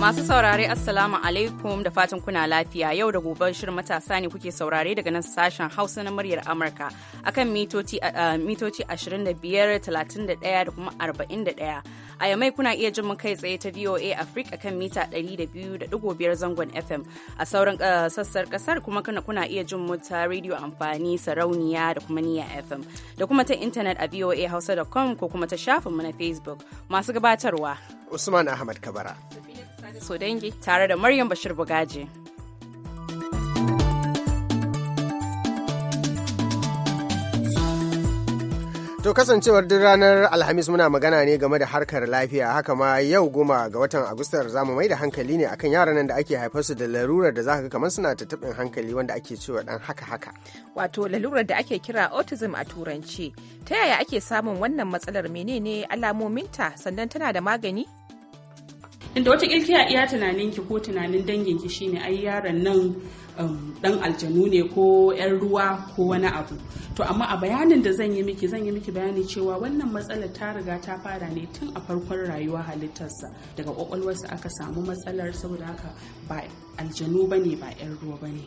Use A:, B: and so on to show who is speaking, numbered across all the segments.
A: Masu saurare Assalamu alaikum da fatan kuna lafiya yau da gobe shirin matasa ne kuke saurare daga nan sashen Hausa na muryar Amurka akan mitoci mitoci 25, 31 da kuma 41. A yamai kuna iya jin mu kai tsaye ta VOA Africa kan mita 200.5 zangon FM a sauran sassar kasar kuma kuna iya jin mu ta radio amfani sarauniya da kuma niya FM da kuma ta intanet a voahausa.com ko kuma ta shafinmu na Facebook masu gabatarwa Usman Ahmad Kabara. so dangi tare da Maryam Bashir Bugaji.
B: To kasancewar duk ranar Alhamis muna magana ne game da harkar lafiya haka ma yau goma ga watan Agustar zamu mai da hankali ne akan yaran nan da ake haifar su da larurar da zaka kamar suna ta hankali wanda ake cewa dan haka haka.
C: Wato lalurar da ake kira autism a turanci. Ta yaya ake samun wannan matsalar menene alamominta sannan tana da magani?
D: inda wata a iya tunanin ki ko tunanin danginki shine ai yaron nan dan um, aljanu ne ko yan ruwa ko wani abu to amma a bayanin da zan yi miki zan yi miki bayani cewa wannan matsalar ta riga ta fara ne tun a farkon rayuwa halittarsa daga kwakwalwarsa aka samu matsalar saboda haka ba aljanu bane ba yan ruwa bane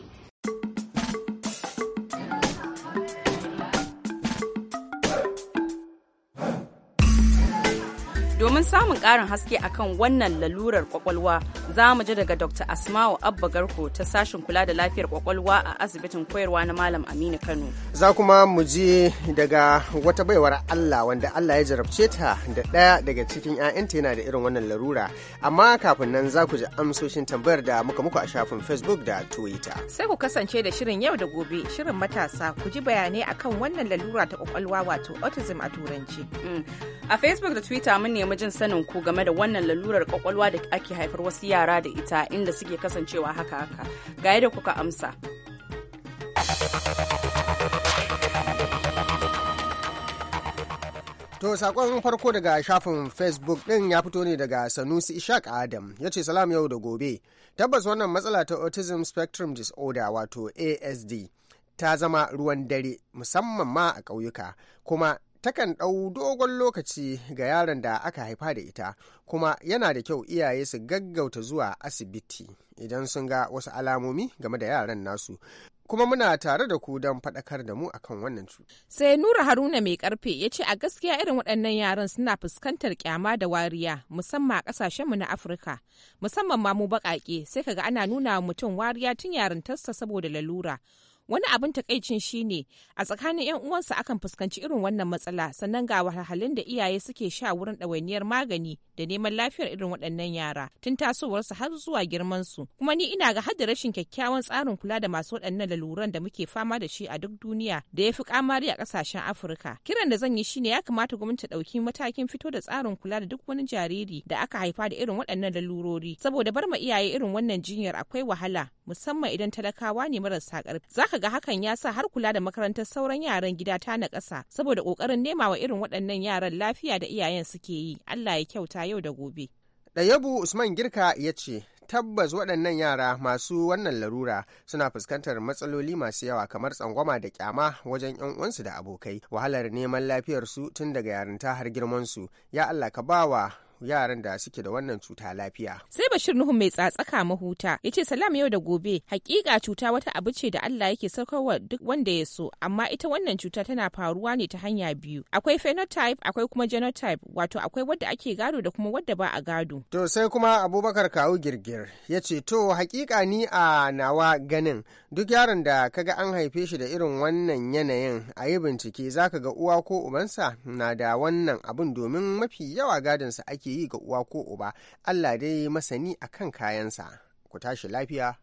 A: Domin samun ƙarin haske akan wannan lalurar kwakwalwa za mu ji daga Dr. Asma'u Abba Garko ta sashen kula da lafiyar kwakwalwa a asibitin koyarwa na Malam Aminu Kano.
B: Za kuma mu ji daga wata baiwar Allah wanda Allah ya jarabce ta da ɗaya daga cikin 'ya'yanta yana da irin wannan larura. Amma kafin nan za ku ji amsoshin tambayar da muka muku a shafin Facebook da Twitter.
C: Sai ku kasance da shirin yau da gobe, shirin matasa ku ji bayanai akan wannan lalura
A: ta kwakwalwa wato autism a turanci. Mm. A Facebook da Twitter mun nemi jin sanin ku game da wannan lalurar kwakwalwa da ake haifar wasu yara da ita inda suke kasancewa haka haka ga yadda kuka amsa
B: To sakon farko daga shafin Facebook ɗin ya fito ne daga Sanusi Ishaq Adam ya ce salam yau da gobe. Tabbas wannan matsala ta Autism Spectrum Disorder wato ASD ta zama ruwan dare musamman ma a ƙauyuka kuma takan ɗau dogon lokaci ga yaron da aka haifa da ita kuma yana da kyau iyaye su gaggauta zuwa asibiti idan sun ga wasu alamomi game da yaran nasu kuma muna tare da ku don faɗakar da mu akan wannan cu.
C: Sai Nura Haruna mai karfe ya ce a gaskiya irin waɗannan yaran suna fuskantar kyama da wariya musamman a ƙasashenmu na Afirka musamman ma mu baƙaƙe sai kaga ana nuna mutum wariya tun yarintarsa saboda lalura wani abin takaicin shine a tsakanin 'yan uwansa akan fuskanci irin wannan matsala sannan ga wahalhalun da iyaye suke sha wurin ɗawainiyar magani da neman lafiyar irin waɗannan yara tun tasowarsu har zuwa girman su kuma ni ina ga da rashin kyakkyawan tsarin kula da masu waɗannan laluran da muke fama da shi a duk duniya da ya fi kamari a ƙasashen afirka kiran da zan yi shine ya kamata gwamnati ta ɗauki matakin fito da tsarin kula da duk wani jariri da aka haifa da irin waɗannan lalurori saboda bar ma iyaye irin wannan jinyar akwai wahala musamman idan talakawa ne marasa ƙarfi aka ga hakan ya sa har kula da makarantar sauran yaran gida ta na ƙasa saboda ƙoƙarin nema wa irin waɗannan yaran lafiya da iyayen suke yi Allah ya kyauta yau da
B: gobe. Ɗayabu Usman Girka ya ce tabbas waɗannan yara masu wannan larura suna fuskantar matsaloli masu yawa kamar tsangwama da kyama wajen yan uwansu da abokai wahalar neman lafiyarsu tun daga yarinta har girmansu ya Allah ka bawa yaran da suke da wannan cuta lafiya.
C: Sai Bashir Nuhu mai tsatsaka mahuta ya ce salam yau da gobe hakika cuta wata abu ce da Allah yake saukarwa duk wanda ya so amma ita wannan cuta tana faruwa ne ta hanya biyu akwai phenotype akwai kuma genotype wato akwai wadda ake gado da kuma wadda ba
B: a gado. To sai kuma Abubakar Kawu Girgir ya ce to hakika ni a nawa ganin duk yaron da kaga an haife shi da irin wannan yanayin a yi bincike zaka ga uwa ko ubansa na da wannan abun domin mafi yawa gadonsa ake take yi ga uwa ko uba Allah dai masani a akan kayansa ku tashi lafiya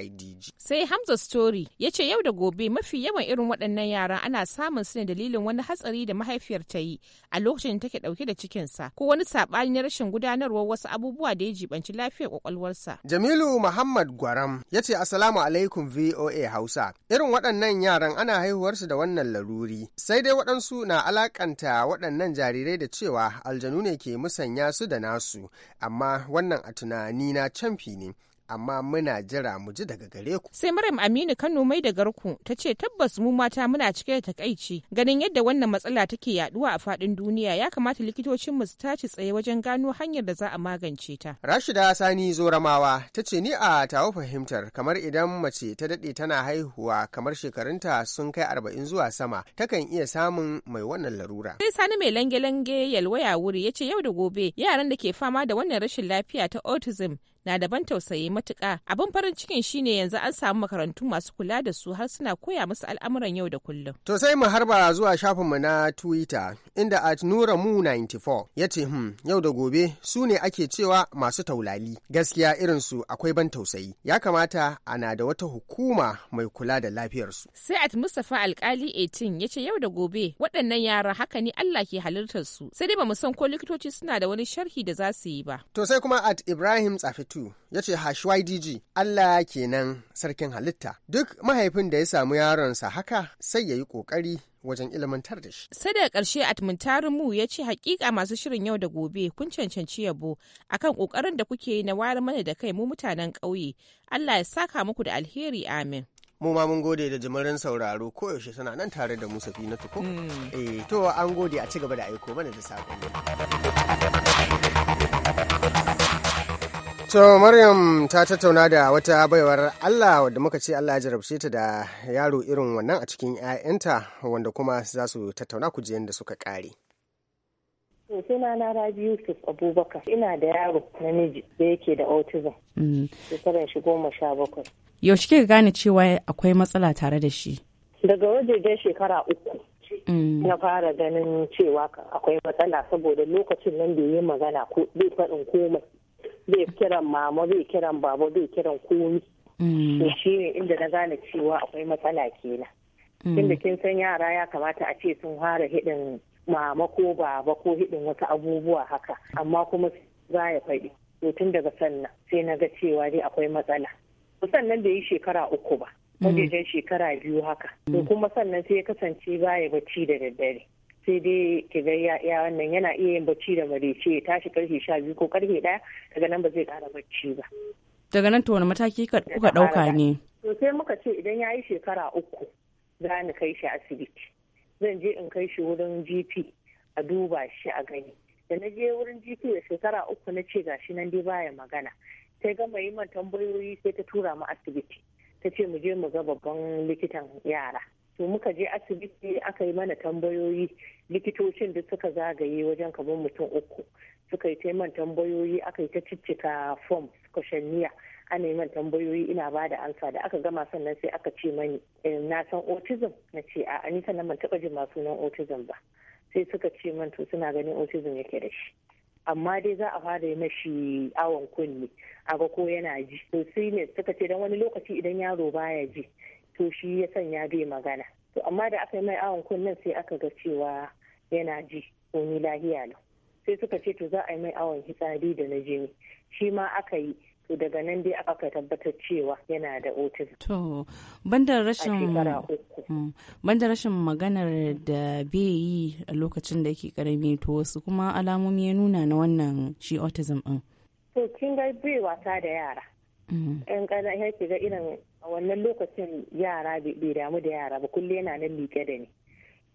B: ydg
C: sai hamza story ya ce yau da gobe mafi yawan irin waɗannan yaran ana samun su ne dalilin wani hatsari da mahaifiyar ta yi a lokacin da take ɗauke da cikinsa ko wani saɓani na rashin gudanarwar wasu abubuwa da ya jibanci lafiyar kwakwalwarsa
B: jamilu muhammad gwaram ya ce asalamu alaikum voa hausa irin waɗannan yaran ana haihuwarsu da wannan laruri sai dai waɗansu na alaƙanta waɗannan jarirai da cewa aljanu ne ke musanya su da nasu amma wannan a tunani na camfi ne amma muna jira mu ji daga gare ku. Sai
C: Maryam Aminu Kano mai da garku ta ce tabbas mu mata muna cike da takaici ganin yadda wannan matsala take yaduwa a fadin duniya ya kamata likitocin mu su tashi tsaye wajen gano hanyar da za a magance ta.
B: Rashida Sani Zoramawa ta ce ni a tawo fahimtar kamar idan mace ta dade tana haihuwa kamar shekarunta sun kai arba'in zuwa sama takan iya samun mai wannan larura. Sai
C: Sani mai lange-lange yalwaya wuri ya ce yau da gobe yaran da ke fama da wannan rashin lafiya ta autism na daban tausayi matuƙa abin farin cikin shine yanzu an samu makarantu masu kula da su har suna koya musu al'amuran yau da kullum
B: to sai mu harba zuwa shafinmu na twitter inda at nura mu 94 ya ce hmm, yau da gobe su ne ake cewa masu taulali gaskiya irin su akwai ban tausayi ya kamata ana da wata hukuma mai kula da lafiyarsu
C: sai at mustapha alkali 18 ya ce yau da gobe waɗannan yara haka ne allah ke halartar su sai dai ba mu san ko likitoci suna da wani sharhi da za
B: su yi ba to sai kuma at ibrahim tsafi Fatu ya ce Hashwaidiji Allah kenan sarkin halitta. Duk mahaifin da ya samu yaronsa haka sai ya yi ƙoƙari wajen ilmantar da shi.
C: Sai daga ƙarshe mu ya ce hakika masu shirin yau da gobe kun cancanci yabo akan ƙoƙarin da kuke yi na wayar mana da kai mu mutanen ƙauye. Allah ya saka muku
B: da alheri amin. mu ma mun gode da jimirin sauraro koyaushe suna nan tare da mu safi na tuku. Mm. Eh to an gode a ci gaba da aiko mana da saƙonni. To Maryam ta tattauna da wata baiwar Allah wadda muka ce Allah ya jarabce ta da yaro irin wannan a cikin 'ya'yanta wanda kuma za su tattauna kujerin da suka kare.
E: To suna na Rabi Yusuf Abubakar ina da yaro namiji da yake da autism. Mm. Shekaran shi goma sha bakwai.
A: Yaushe kika gane cewa akwai matsala tare da shi?
E: Daga waje dai shekara uku. Mm. na fara ganin cewa akwai matsala saboda lokacin nan bai yi magana ko bai faɗin komai bai kiran mama bai kiran baba bai kiran komi
D: mm.
A: to shi
E: ne inda na gane cewa akwai matsala kenan mm. tunda kin san yara ya kamata a ce sun fara hidin mama ko baba ko hidin wasu abubuwa haka amma kuma za ya faɗi to tun daga sannan sai na ga cewa dai akwai matsala sannan bai yi shekara uku ba mm. wajejen shekara biyu haka to kuma sannan sai ya kasance baya bacci da daddare sai dai ke ga ya wannan yana iya yin bacci da marice ya tashi karfe sha biyu ko karfe ɗaya daga nan ba zai ƙara bacci ba.
A: Daga nan to wani mataki kuka ɗauka ne?
E: sosai muka ce idan ya yi shekara uku za ni kai shi asibiti. Zan je in kai shi wurin GP a duba shi a gani. Da na je wurin GP da shekara uku na ce ga shi nan dai baya magana. Sai gama yi man tambayoyi sai ta tura mu asibiti. Ta ce mu je mu ga babban likitan yara. to muka je asibiti aka yi mana tambayoyi likitocin da suka zagaye wajen kamar mutum uku suka yi taiman tambayoyi aka yi ta ciccika form kwashanniya ana yi man tambayoyi ina ba da ansa da aka gama sannan sai aka ce mani eh, na san autism na ce a ani sannan man taɓa jin masu nan autism ba sai suka ce man to suna ganin autism yake da shi amma dai za a fara yi mashi awon kunne a ga ko yana ji to sai ne suka ce dan wani lokaci idan yaro baya ji to shi ya sanya bai magana to amma da aka yi mai awon kunnen sai aka ga cewa yana ji komi lahiya lau sai suka ce to za a yi mai awon hitsari da na jini shi ma aka yi to daga nan dai aka tabbatar cewa yana da otis
A: to banda rashin mm, banda rashin maganar da bai yi a lokacin da yake karami to wasu kuma alamomi ya nuna na wannan shi autism din
E: to kin ga bai wasa da yara yan kana ke ga irin a wannan lokacin yara bai damu da yara ba kulle yana nan liƙe da ni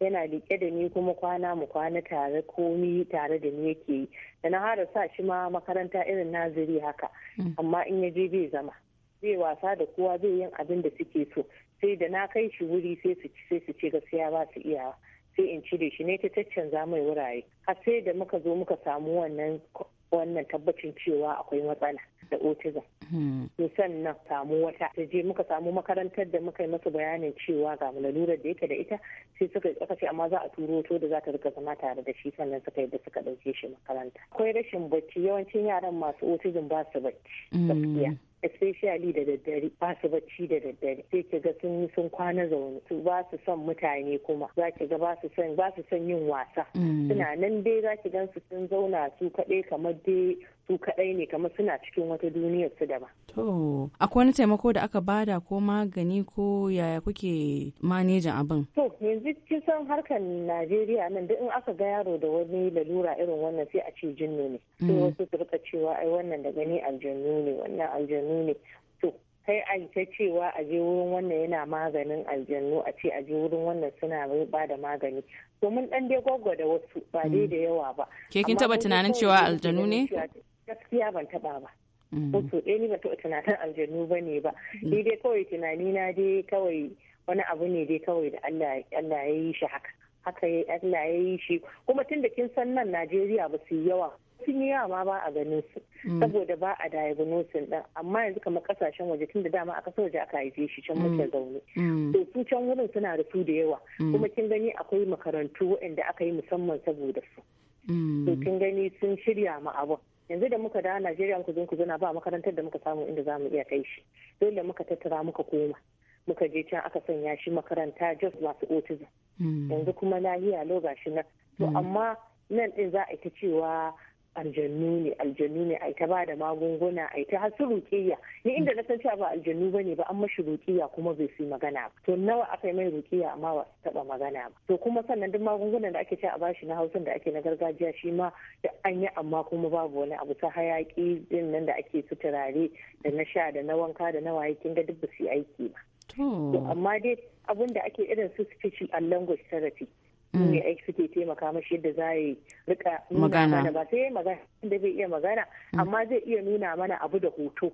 E: yana liƙe da ni kuma kwana mu kwana tare komi tare da ni yake yi da na hada sa shi ma makaranta irin naziri haka mm. amma in ya je bai zama zai wasa da kowa zai yin abin da suke so sai da na kai shi wuri sai su ci sai su ce gaskiya ba su iyawa sai in cire shi ne ta caccanza mai wurare har sai da muka zo muka samu wannan wannan tabbacin cewa akwai matsala da autism. Hmm. To sannan samu wata ta je muka samu makarantar da muka yi masa bayanin cewa ga lalurar da yake da ita sai suka tsaka ce amma za a turo to da za ta rika zama tare da shi sannan suka yi da suka ɗauke shi makaranta. Akwai rashin bacci yawancin yaran masu autism ba su bacci
A: hmm. gaskiya.
E: especially da daddare ba su bacci da daddare sai ki ga sun sun kwana zaune su ba su son mutane kuma za ki ga ba su son ba su son yin wasa mm. suna nan dai za ki gan su sun zauna su kaɗai kamar dai su kaɗai ne kamar suna cikin wata duniyar su daba.
A: To, akwai wani taimako da aka bada ko magani ko yaya kuke manejin abin?
E: To, yanzu kisan harkar Najeriya nan duk in aka ga yaro da wani lalura irin wannan sai a ce jinnu ne. Sai mm. wasu su rika cewa ai wannan da gani aljanu ne, wannan aljanu ne. To, sai a ta cewa a je wurin wannan yana maganin aljanu a ce a je wurin wannan suna ba da magani domin dan dai da wasu ba dai mm. da yawa ba ke kin taba tunanin cewa aljanu ne gaskiya ban taba ba mm. ko so ɗaya ni ba taɓa tunanin aljanu ba ne ba mm. ni dai kawai tunani na dai kawai wani abu ne dai kawai da Allah ya yi shi haka haka Allah ya yi shi kuma tun da kin san nan Najeriya ba su yawa sun yi yawa ma ba a ganin su mm. saboda ba a diagnosis din amma yanzu kamar kasashen waje tun da dama aka soja aka haife shi can muke zaune to su can wurin suna da su da yawa kuma kin gani akwai makarantu waɗanda aka yi musamman saboda su to kin gani sun shirya ma abun yanzu da muka dawo najeriya muka zo ku zana ba makarantar da muka samu inda zamu iya kai shi dole muka tattara muka koma muka je can aka sanya shi makaranta jos masu autism hmm. yanzu kuma lahiya lo gashi nan to hmm. amma nan din za a ita cewa aljannu ne aljannu ne ai ta ba da magunguna ai ta hasu rukiya ni inda na san cewa ba aljannu bane ba an mashi rukiya kuma bai su magana ba to nawa akai yi mai rukiya amma ba su taba magana ba to kuma sannan duk magungunan da ake cewa a bashi na hausan da ake na gargajiya shi ma da an yi amma kuma babu wani abu ta hayaki din nan da ake su turare da na sha da na wanka da na waye kin ga duk ba su yi aiki ba to amma dai abun da ake irin su speech and language therapy Mm. ne aiki suke taimaka mashi yadda za yi rika magana ba sai magana da zai iya magana mm. amma zai iya nuna mana abu da hoto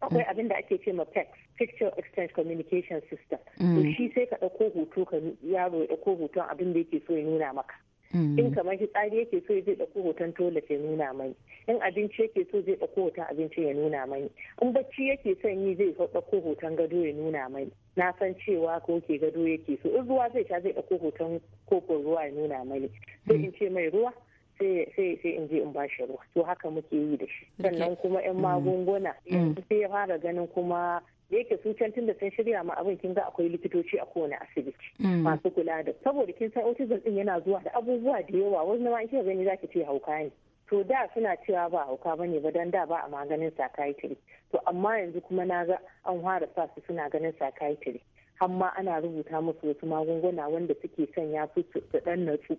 E: akwai mm. abin da ake ce ma pex picture exchange communication system to shi sai ka ɗauko hoto ka yaro ya ɗauko hoton abin da yake so ya nuna maka
D: Mm. in kamar
E: fitsari yake so ya zai ɗauko hoton toilet ya nuna mani in abinci yake so zai ɗauko hoton abinci ya nuna mani in bacci yake son yi zai ɗauko hoton gado ya nuna mani na san cewa ko ke gado yake so in ruwa zai sha zai ɗauko hoton kofin ruwa ya nuna mani sai mm. in ce mai ruwa sai in je in ba shi ruwa to haka muke yi da shi sannan kuma yan mm. magunguna mm. sai ya fara ganin kuma da yake su can tunda sun shirya ma abin kin ga akwai likitoci a kowane asibiti mm. masu kula da saboda kin san autism din yana zuwa da abubuwa da yawa wani ma in kika gani zaki ce hauka ne to da suna cewa ba hauka ba ne ba dan da ba a maganin psychiatry to amma yanzu kuma na ga an fara sa su suna ganin psychiatry amma ana rubuta musu wasu magunguna wanda suke sanya su su dan natsu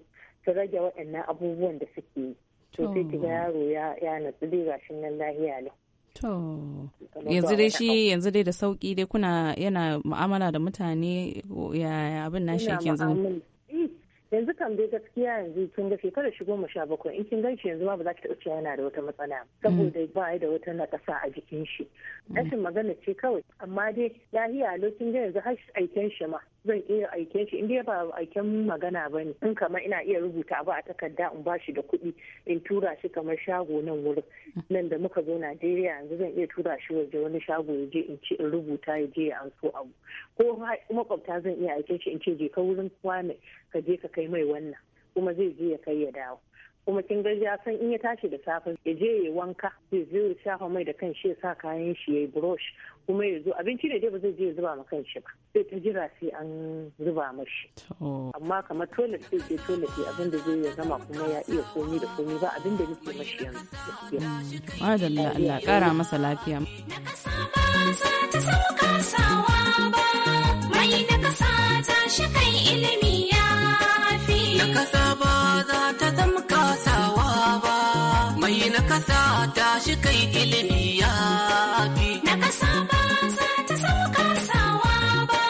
E: su rage waɗannan abubuwan da suke yi to sai ki ga yaro ya natsu dai gashin nan lahiya ne To, yanzu dai shi
A: yanzu dai da sauki dai kuna yana mu'amala da mutane ya abin na shi yanzu.
E: Eh, yanzu kan dai gaskiya yanzu kin ga shekarar shi goma sha bakwai in kin ganshi yanzu ma ba za ki taɓa yana da wata matsala mm. saboda ba ya da wata nakasa a jikin shi. Mm. Rashin magana ce kawai amma dai lahiya lokacin ga yanzu har aiken shi ma zan iya aike shi inda ba aiken magana ba ne in kamar ina iya rubuta abu a takarda in ba shi da kuɗi in tura shi kamar shago nan wurin nan da muka zo najeriya yanzu zan iya tura shi waje wani shago ya je in ce in rubuta ya je ya an so abu ko makwabta zan iya aike shi in ce je ka wurin kwame ka je ka kai mai wannan kuma zai je ya kai ya dawo kuma kin ga ya san in ya tashi da safe ya je ya wanka ya zo ya shafa mai da kan shi ya sa kayan shi ya yi brush kuma ya zo abinci ne dai ba zai je ya zuba ma kan shi ba sai ta jira sai an zuba mashi amma kamar toilet sai je toilet abin da zai ya zama kuma ya iya komi da komi ba abin da nake mashi yanzu mm.
A: madalla Allah kara masa lafiya mai na kasa ta shi kai ilimi na kasa ba za ta zama kasawa ba mai na kasa
D: ta shi kai ilimi ya fi na kasa ba za ta zama kasawa ba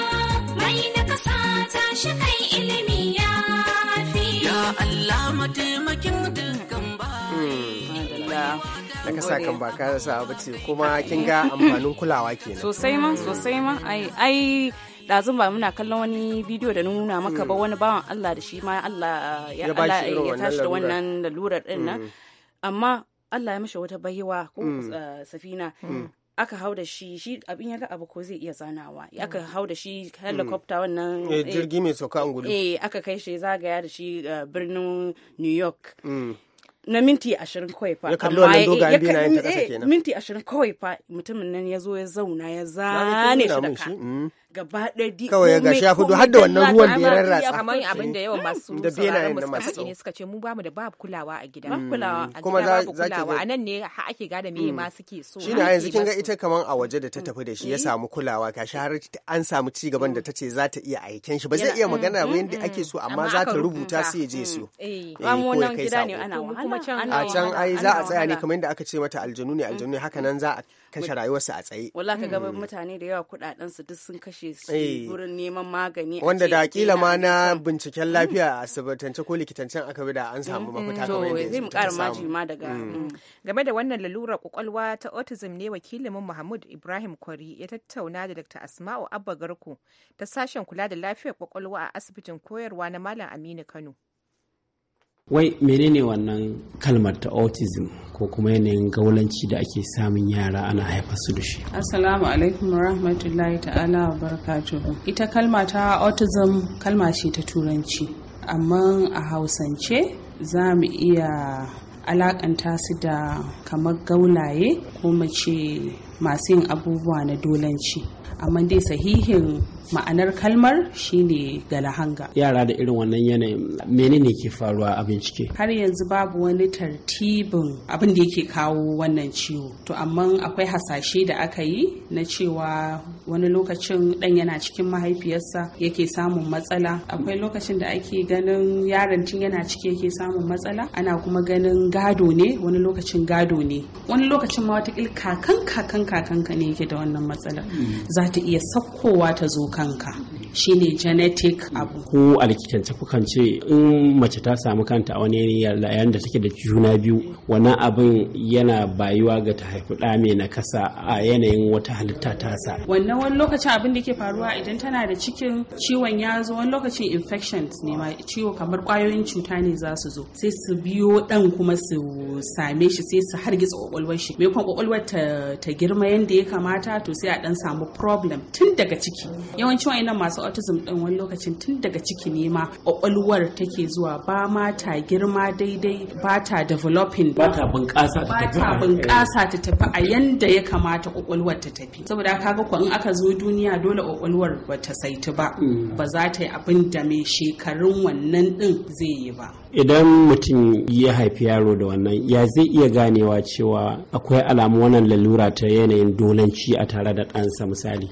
D: mai na kasa ta shi kai ilimi ya
A: fi ya Allah mataimakin dukkan ba
B: na kasa kan ba ka sa ba kuma kin ga amfanin kulawa kenan sosai ma sosai
A: ma ai ɗazun ba muna kallon wani bidiyo da nuna maka ba hmm. wani bawan Allah da shi ma Allah ya tashi da wannan lalurar ɗin nan hmm. amma Allah ya mashi wata baiwa ko hmm. eh, safina aka hau da shi shi abin ya ga abu ko zai iya zanawa aka hau da shi helicopter wannan eh, eh, jirgi mai sauka gudu eh aka kai shi zagaya da shi birnin New York na minti ashirin kawai fa ya kalli wannan kasa kenan minti ashirin kawai fa mutumin nan ya zo ya zauna ya zane shi da ka gaba ɗaya kawai ya gashi ya fito har da wannan ruwan da ya rarratsa kamar abin da yawan masu da bena ne masu ne
C: suka ce mu bamu da babu kulawa a gida mm, kulawa a kuma za kulawa a nan ne ha ake gada me mm. ma suke so shine yanzu kin ga
B: ita kamar a waje da ta tafi da shi ya mm. samu kulawa gashi har an samu ci gaban da tace za ta iya aiken shi ba zai iya magana ba yanda ake so amma za ta rubuta sai ya je su eh, eh ko ya kai sako
A: a can ai za a tsaya ne
B: kamar yadda aka ce mata aljanu ne aljanu ne haka nan za a kashe rayuwarsa a tsaye wallahi ka ga
A: mutane da yawa kudaden su duk sun kashe ce eh. wurin neman magani wanda da kila ma
B: na binciken mm. lafiya a asibitance ko likitancen aka bi da an samu mafita kamar zai mu ƙara maji
A: ma daga mm. Mm. game da
C: wannan lalurar kwakwalwa ta autism ne wakilin Muhammad Ibrahim Kwari ya tattauna da Dr. Asma'u Abba Garko ta sashen kula da lafiyar kwakwalwa a asibitin koyarwa na Malam Aminu
D: Kano.
F: wai menene wannan kalmar ta autism ko kuma yanayin gaulanci da ake samun yara ana haifar su da shi.
D: Assalamu alaikum rahmatullahi ta'ala wa barakatuhu. Ita kalma ta autism kalma ce ta turanci, amma a hausance za mu iya alakanta su da kamar gaulaye ko mace masu yin abubuwa na dolanci. Amma dai sahihin ma'anar kalmar shine galahanga
F: yara da irin wannan yanayin menene ke faruwa a bincike
D: har yanzu babu wani tartibin abin da yake kawo wannan ciwo to amma akwai hasashe da aka yi na cewa wani lokacin dan yana cikin mahaifiyarsa yake samun matsala akwai lokacin da ake ganin yaron tun yana ciki yake samun matsala ana kuma ganin gado ne wani lokacin gado ne wani lokacin ma wata kakan kakan kakan ka ne yake da wannan matsala hmm. za ta iya sakkowa ta zo 看看。
F: shine genetic abu ko a kukan ce in mace ta samu kanta a wani yayin da take da juna biyu wannan abin yana bayuwa ga ta haifi ɗa mai kasa a yanayin wata halitta ta sa.
D: wannan wani lokacin abin da ke faruwa idan tana da cikin ciwon ya zo wani lokacin infections ne ma ciwo kamar kwayoyin cuta ne za su zo sai su biyo ɗan kuma su same shi sai su hargitsa kwakwalwar shi maimakon kwakwalwar ta girma yadda ya kamata to sai a dan samu problem tun daga ciki yawancin wayannan masu autism din wani lokacin tun daga ciki ne ma kwakwalwar take zuwa ba ma ta girma daidai ba ta developing
F: ba ta bunƙasa ta tafi ba ta bunƙasa
D: ta tafi a yanda ya kamata kwakwalwar ta tafi saboda kaga ko in aka zo duniya dole kwakwalwar ba ta saiti ba mm. ba za ta yi abin da mai shekarun wannan din zai yi ba
F: idan mutum ya haifi yaro da wannan ya zai iya ganewa cewa akwai alamu wannan lalura ta yanayin dolanci a tare da ɗansa misali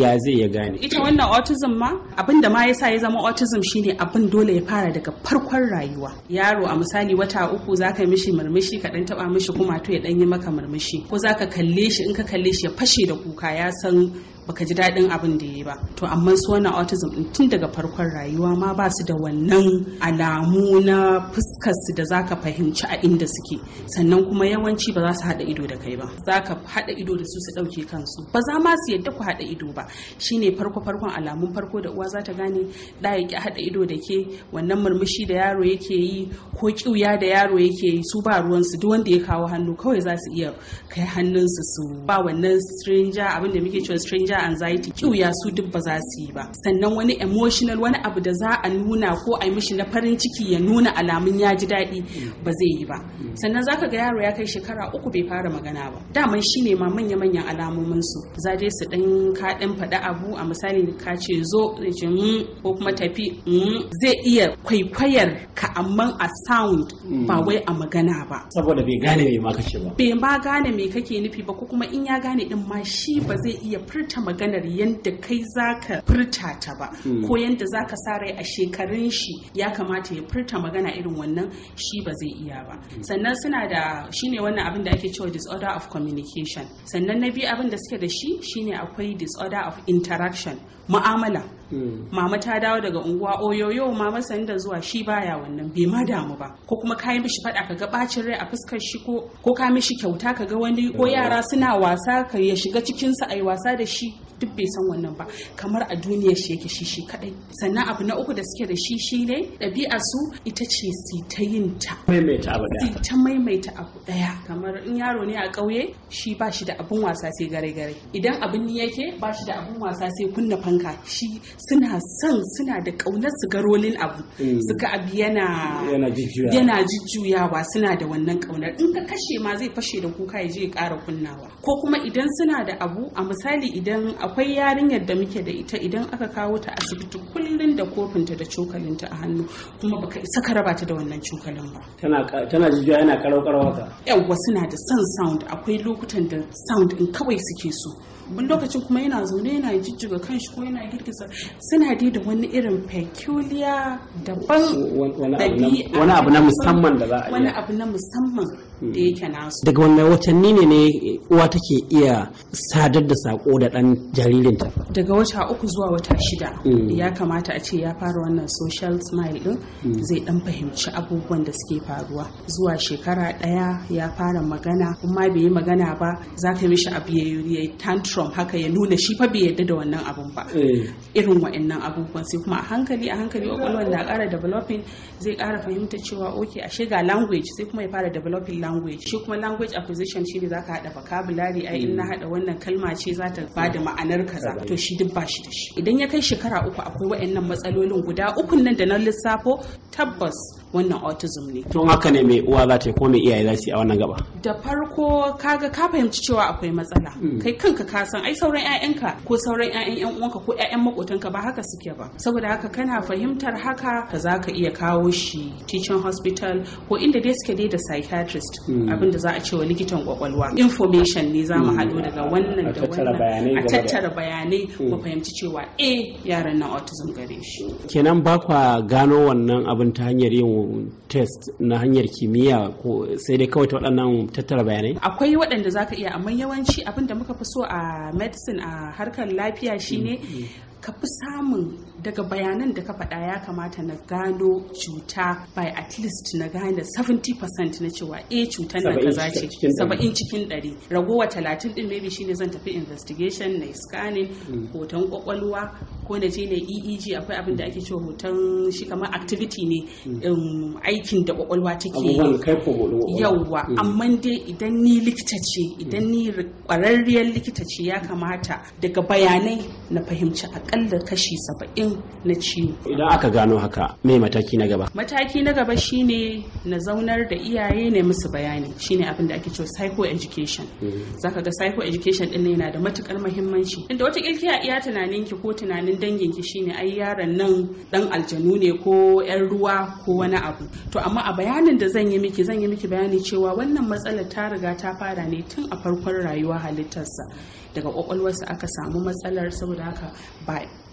F: ya zai iya gane
D: ita wannan autism ma abin da ma yasa ya zama autism shine abin dole ya fara daga farkon rayuwa yaro a misali wata uku zaka mishi murmushi ka dan taba mishi kuma to ya dan yi maka murmushi ko zaka kalle shi in ka kalle shi ya fashe da kuka ya san baka ji daɗin abin da yi ba to amma su wannan autism din tun daga farkon rayuwa ma ba su da wannan alamu na fuskar su da zaka fahimci a inda suke sannan kuma yawanci ba za su haɗa ido da kai ba zaka haɗa ido da su su ɗauke kansu ba za ma su yadda ku haɗa ido ba shine farko farkon alamun farko da uwa za ta gane da ya ki haɗa ido da ke wannan murmushi da yaro yake yi ko kiuya da yaro yake yi su ba ruwan su. duk wanda ya kawo hannu kawai za su iya kai hannunsu su ba wannan stranger abin da muke cewa stranger anxiety kyau ya su duk ba za su yi ba sannan wani emotional wani abu da za a nuna ko a yi mishi na farin ciki ya nuna alamun ya ji daɗi ba zai yi ba sannan zaka ga yaro ya kai shekara uku bai fara magana ba daman shi ne ma manya manyan alamomin su za je su dan ka dan faɗa abu a misali ka ce zo mm, ko kuma tafi mm. zai iya kwaikwayar ka amma a sound ba wai a magana ba saboda bai gane me ma kace ba bai ma gane me kake nufi ba ko kuma in ya gane din ma shi ba zai iya furta maganar yadda kai za ka furta ta ba hmm. ko yadda za ka sa rai a shekarun shi ya kamata ya furta magana irin wannan shi ba zai iya ba hmm. sannan suna da shine wannan abin da ake cewa disorder of communication sannan na biyu abin da suke da shi shine akwai disorder of interaction mu'amala Hmm. mama ta dawo daga unguwa oyo yau mama sanda zuwa shi baya wannan bai ma damu ba ko kuma ka yi mishi faɗa kaga bacin rai a fuskar shi ko ka mishi kyauta kaga wani ko hmm. yara suna wasa ka ya shiga cikin sa ai wasa da shi duk bai san wannan ba kamar a duniyar shi yake shi shi kadai sannan abu na uku da suke da shi shi ne ɗabi'a su ita ce su ta yin ta maimaita abu daya ta maimaita abu daya kamar in yaro ne a ƙauye shi ba shi da abun wasa sai gare gare idan abin ni yake ba shi da abun wasa sai kunna fanka shi suna son suna da ƙaunar su garolin abu hmm. suka abi yana yana jujjuyawa suna da wannan ƙaunar in ka kashe ma zai fashe da kuka ya je ya ƙara kunnawa ko kuma idan suna da abu a misali idan akwai yarinyar da muke da ita idan aka kawo ta asibiti kullum da kofinta da cokalinta a hannu kuma baka isa ka raba ta da
F: wannan cokalin ba tana jijiya yana karau karau haka
D: Yawa suna da son sound akwai lokutan da sound in kawai suke so bin lokacin kuma yana zaune yana jijjiga kanshi ko yana girgiza suna dai da wani irin peculiar daban
F: wani abu na musamman da za a yi wani
D: abu na musamman Hmm. daga wannan
F: watanni ne ne uwa take iya sadar da sako da dan jaririnta daga
D: wata uku zuwa wata shida hmm. ya kamata a ce ya fara wannan social smile din hmm. zai dan fahimci abubuwan da suke faruwa zuwa shekara daya ya fara magana kuma bai yi magana ba za ka mishi abu ya yi tantrum haka ya nuna shi fa bai yadda da wannan abun ba eh. irin wa'annan abubuwan sai kuma a hankali a hankali kwakwalwar na kara developing zai kara fahimta cewa oke ashe ga language sai kuma ya fara developing language language shi kuma language acquisition shi ne za ka haɗa vocabulary a in na mm. haɗa wannan kalma ce za ta ba da ma'anar kaza to shi duk ba shi da shi idan ya kai shekara uku akwai wa'annan matsalolin guda uku nan da na lissafo
F: tabbas
D: wannan autism
F: ne tun haka ne mai uwa za ta yi ko mai iyaye za su yi a wannan gaba
D: da farko kaga ka fahimci cewa akwai matsala hmm. kai kanka ka san ai sauran 'ya'yanka ko sauran 'ya'yan 'yan uwanka ko 'ya'yan ka ba haka suke ba saboda haka kana fahimtar haka ka za ka iya kawo shi teaching hospital ko inda dai suke dai da psychiatrist hmm. abinda za a ce wa likitan kwakwalwa information ne za mu hmm. haɗo daga wannan da wannan a tattara bayanai mu fahimci cewa eh yaran nan autism gare shi
F: kenan ba kwa gano wannan abin ta hanyar yin test na hanyar kimiyya ko sai dai kawai ta waɗannan tattara bayanai
D: akwai waɗanda zaka iya amma yawanci abin da muka fi so a medicine a harkar lafiya shine mm, mm. ka fi samun daga bayanan da ka faɗa ya kamata na gano cuta by at least na gane 70% na cewa a eh, cutar nan kaza ce 70 cikin 100 ragowa 30 din maybe shine zan tafi investigation na scanning mm. hoton kwakwalwa ko na je na EEG akwai abin da ake cewa hoton shi kamar activity ne um, aikin da kwakwalwa take yawwa mm. amma dai idan ni likita ce idan ni kwararriyar likita ce ya kamata daga bayanai na fahimci akalla kashi saba'in na ciwo idan aka
F: gano haka me mataki na gaba
D: mataki na gaba shine na zaunar da iyaye ne musu bayani shine abin da ake cewa psycho education mm. zaka ga psycho education din yana da matukar muhimmanci inda wata kilkiya iya tunanin ki ko tunanin dangin ki shine ai yaron nan dan aljanu ne ko yan ruwa ko wani abu to amma a bayanin da zan yi miki zan yi miki bayani cewa wannan matsalar ta riga ta fara ne tun a farkon rayuwa halittarsa daga kwakwalwarsa aka samu matsalar saboda haka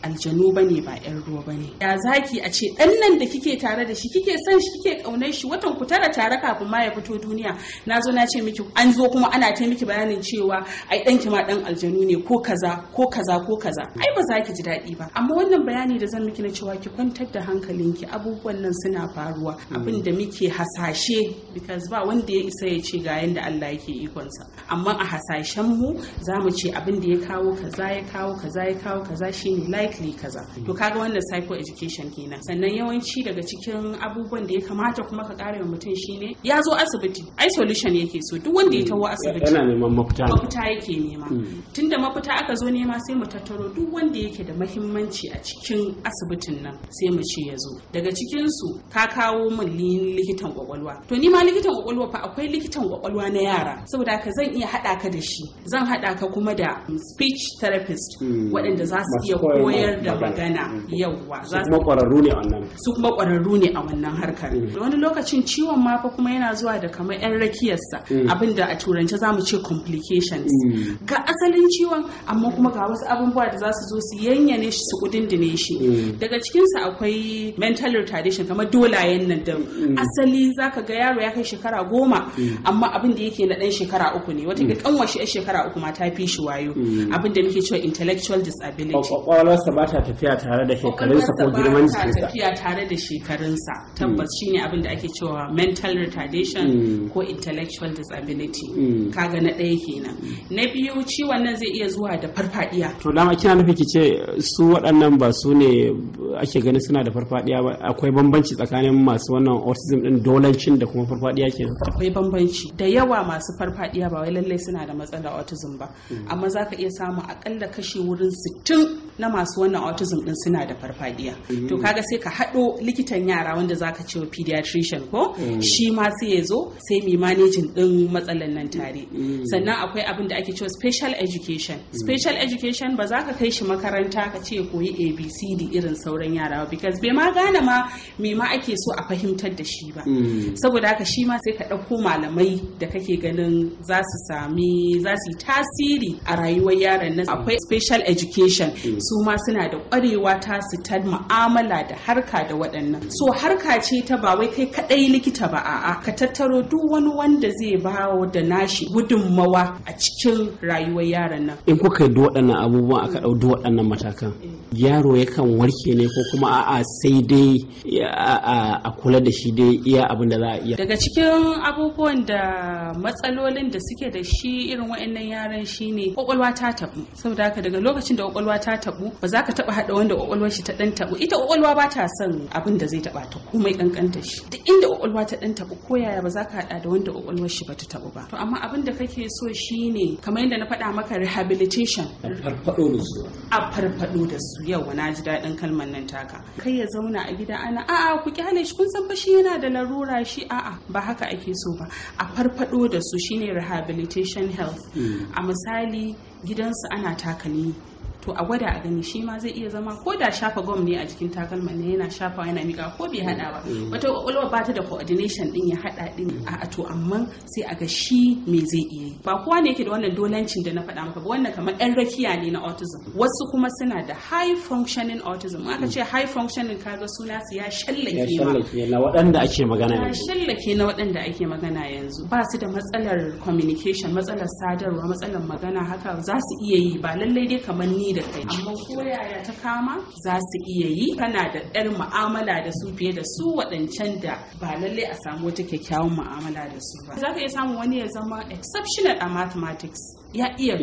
D: aljanu bane ba yan ruwa bane ya zaki a ce ɗannan nan da kike tare da shi kike son shi kike ƙaunar shi watan ku tara tare kafin ma ya fito duniya na zo na ce miki an zo kuma ana ta miki bayanin cewa ai ɗan ki ma ɗan aljanu ne ko kaza ko kaza ko kaza ai ba za ki ji daɗi ba amma wannan bayani da zan miki na cewa ki kwantar da hankalinki abubuwan nan suna faruwa hmm. abin da muke hasashe because ba wanda ya isa ya ce ga yanda Allah yake ikonsa amma a hasashen mu za mu ce abin da ya kawo kaza ya kawo kaza ya kawo kaza shine likely kaza to kaga wannan psycho education kenan sannan yawanci daga cikin abubuwan da ya kamata kuma ka kare wa mutum shine ya zo asibiti ai solution yake so duk wanda ya taho
F: asibiti yana neman mafita mafita yake nema hmm.
D: tunda mafita aka zo nema sai mu tattaro duk wanda yake da mahimmanci a cikin asibitin nan sai mu ce ya zo daga cikin su ka kawo min likitan kwakwalwa to ni ma likitan kwakwalwa fa akwai likitan kwakwalwa na yara saboda haka zan iya hada ka da shi zan hada ka kuma da speech therapist hmm. waɗanda za su iya koya koyar da magana yauwa za su
F: kwararru ne a wannan
D: su kuma kwararru ne a wannan harkar Da mm. wani lokacin ciwon ma fa kuma yana zuwa da kamar yan rakiyarsa mm. abinda a turance zamu mu ce complications mm. ga asalin ciwon amma kuma ga wasu abubuwa da za su zo su yanyane shi su kudindine shi daga cikinsa akwai mental retardation kamar dolayen nan da asali zaka ga yaro ya kai shekara goma amma abin da yake na dan shekara uku ne wata kanwa shi shekara uku ma ta fi shi wayo abin da muke cewa intellectual disability
F: shekararsa ba ta tafiya tare da shekarunsa ko girman jikinsa ba ta
D: tafiya tare da shekarunsa tabbas hmm. shine abin da ake cewa mental retardation hmm. ko intellectual disability hmm. kaga na ɗaya kenan na biyu ciwon nan zai iya zuwa da farfadiya to
F: dama kina nufi ki ce su waɗannan ba su ne ake ganin suna da farfadiya ba akwai bambanci tsakanin masu wannan autism din dolancin da kuma farfadiya kenan akwai bambanci
D: da yawa masu farfadiya ba wai lallai suna da matsalar autism ba amma zaka iya samu akalla kashi wurin sittin na masu masu wannan autism din suna da farfadiya to mm-hmm. kaga sai ka haɗo likitan yara wanda zaka ce pediatrician ko mm. shi ma sai ya zo sai mai managing din matsalan nan tare mm. sannan akwai abin da ake cewa special education mm. special education ba za ka kai shi makaranta ka ce koyi abcd irin sauran yara because bai ma gane ma me ma ake so a fahimtar da shi ba saboda haka shi ma sai ka ɗauko malamai da kake ganin za su sami za su yi tasiri a rayuwar yaran nan akwai special education su ma suna da kwarewa ta su ta mu'amala da harka da waɗannan so harka ce ta ba wai kai kaɗai likita ba a'a ka tattaro duk wani wanda zai ba da nashi gudunmawa a cikin rayuwar yaron nan
F: in kuka yi waɗannan abubuwan aka ɗau duk waɗannan matakan yaro yakan warke ne ko kuma a'a sai dai a kula da shi dai iya abin da za a iya
D: daga cikin abubuwan da matsalolin da suke da shi irin waɗannan yaran shine kwakwalwa ta tabu saboda haka daga lokacin da kwakwalwa ta tabu ba za ka taba hada wanda kwakwalwar shi ta dan tabu ita kwakwalwa ba ta son abin da zai taba ta komai kankanta shi duk inda kwakwalwa ta dan tabu ko yaya ba za ka haɗa da wanda kwakwalwar shi ba ta tabu ba to amma abin da kake so shine kamar yadda na faɗa maka rehabilitation
F: a farfado da su
D: a farfado da su yawa na ji daɗin kalmar nan taka kai ya zauna a gida ana a'a ku kyale shi kun san fa shi yana da larura shi a'a ba haka ake so ba a farfado da su shine rehabilitation health mm. a misali gidansu ana takalmi to a gwada a gani shi ma zai iya zama ko da shafa gom ne a jikin takalma ne yana shafa yana mika ko bai hada ba mm. Mm. wata kwakwalwa ba ta da coordination din ya hada din mm. a to amma sai a ga shi me zai iya yi ba kowa ne yake da wannan dolancin da na faɗa maka ba wannan kamar ɗan rakiya ne na autism wasu kuma suna da high functioning autism aka ce high functioning ka ga suna su ya shallake ma
F: na waɗanda ake magana yanzu
D: ya shallake na waɗanda ake magana yanzu ba su da matsalar communication matsalar sadarwa matsalar magana haka za su iya yi ba lallai dai kamar ni da kai amma ko yaya ta kama za su iya yi kana da yar mu'amala da su fiye da su waɗancan da ba lalle a samu wata kyakkyawan mu'amala da su ba za ka iya samun wani ya zama exceptional a mathematics ya iya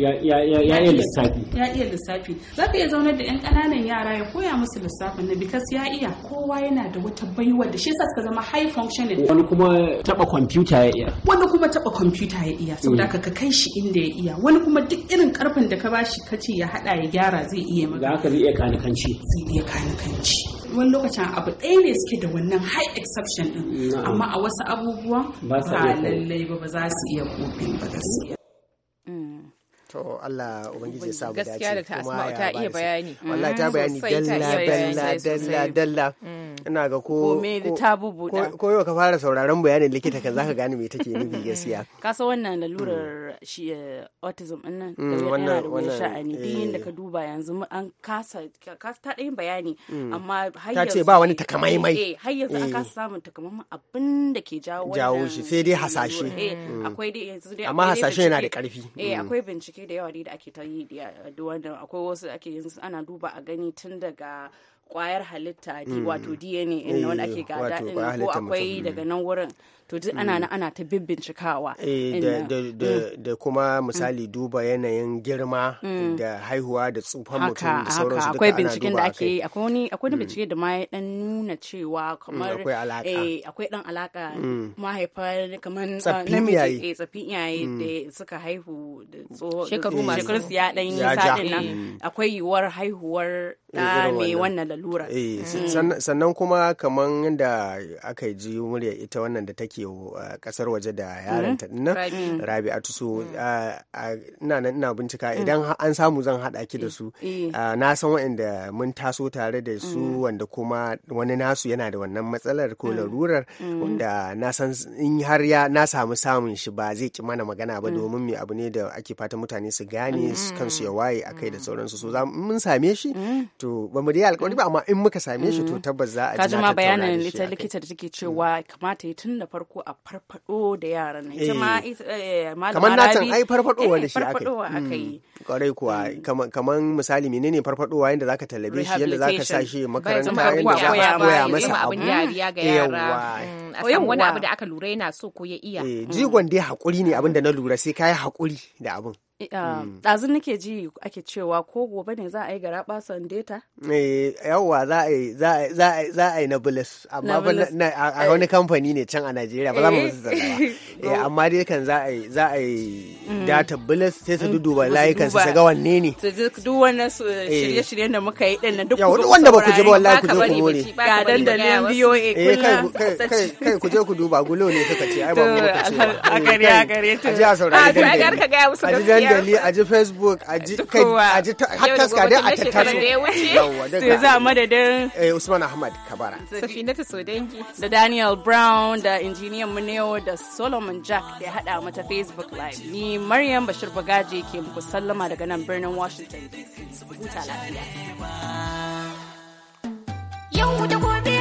F: lissafi
D: ya iya lissafi za ka iya zaunar da yan ƙananan yara ya koya musu lissafin na because ya iya kowa yana da wata baiwar da shi sa suka zama high functioning
F: wani kuma taba kwamfuta ya iya
D: wani kuma taba
F: kwamfuta ya
D: iya saboda mm. ka kai shi inda ya iya wani kuma duk irin karfin da ka bashi kace ya hada ya gyara zai iya maka da haka zai iya kanikanci zai iya kanikanci wani lokacin abu ɗaya ne suke da wannan high exception
F: din amma
D: a wasu abubuwan ba lallai ba ba za su iya kofin ba gaskiya
B: to Allah ubangiji ya sa
D: dace
F: gaskiya da ta ta iya bayani wallahi
A: ta mm, bayani dalla dalla dalla mm. dalla
B: ina ga ko ta bubuda ko yau ka fara sauraron bayanin likita ka zaka gane me take nufi gaskiya
A: ka san wannan lalurar shi eh, autism din nan mm, wannan wannan sha'ani din eh. yanda ka duba yanzu an kasa ta dai bayani mm. amma har ta ce ba wani takamaimai eh har yanzu an eh. kasa samun takamaiman abin da ke jawo wannan jawo shi sai dai hasashe mm. akwai dai yanzu dai amma hasashe yana da karfi eh akwai bincike da yawa da ake ta yi da wannan akwai wasu ake yanzu ana duba a gani tun daga kwayar halitta mm. wato dna in wanda ake eh, gada ko akwai daga mm. nan wurin to duk ana mm. na ana ta bibbincikawa eh, mm.
B: da kuma mm. misali duba yanayin girma da haihuwa da tsufan mutum da sauransu akwai binciken da ake
A: yi akwai wani akwai bincike da ma ya dan nuna cewa kamar akwai dan eh, alaka mahaifar kamar ah, namiji eh, Tsaffin iyaye da suka haihu da shekaru masu shekaru ya dan yi sadin nan akwai yiwuwar haihuwar da mai wannan lalura
B: sannan kuma kamar yadda aka ji murya ita wannan da take take eh, kasar waje da mm. yaranta rabi rabi'atu tuso mm. eh, eh, ina nan ina bincika mm. idan an samu zan haɗa ki da su na san wanda mun taso tare da su wanda kuma wani nasu yana da wannan matsalar ko larurar wanda na san in har ya na samu samun shi ba zai ki mana magana ba domin me abu ne da ake fata mutane su gane kansu ya waye a kai da sauransu so za mun same shi to ba mu dai alƙawari ba amma in muka same shi to tabbas za a ji na tattauna da shi.
A: likita da take cewa kamata ya tun da farko farko a farfado da yaran nan. Eh. Eh, malama kamar natan ai farfadowa da shi eh, aka yi.
B: Kwarai mm, kuwa mm. kamar misali menene wa yadda zaka tallabe shi yadda zaka sa shi makaranta yadda zaka koya masa abu. dariya ga yara.
A: Mm, a oh, wani abu da aka lura yana so ko ya iya. Jigon
B: dai hakuri ne abin da na lura sai kai hakuri da abin. Um, mm. ɗazun
A: nake ji ake cewa ko gobe ne za a yi gara basan data?
B: Eh, yawwa za a yi na bulis amma a wani eh. kamfani ne can a najeriya ba za mu eh. musu zaba amma dai kan za a yi mm. data bulis sai su mm. duduba layukan su ga wanne ne
A: duk wannan shirye-shiryen da muka yi ɗin duk wanda ba ku je ba wallahi ku je ku more ga dandalin BOA kullum
B: kai ku je ku duba gulo ne suka ce ai ba mu ka ce a gare a gare to a gare ah, ka ga musu dandali a ji facebook a ji a ji hattaska dai a tattaso to za madadin eh, usman ahmad kabara
A: safinatu sodangi da daniel brown da injiniyan mu neo da solomon jack da ya hada mata facebook live ni maryam bashir bagaje ke muku sallama daga nan birnin washington huta lafiya
E: yau da gobe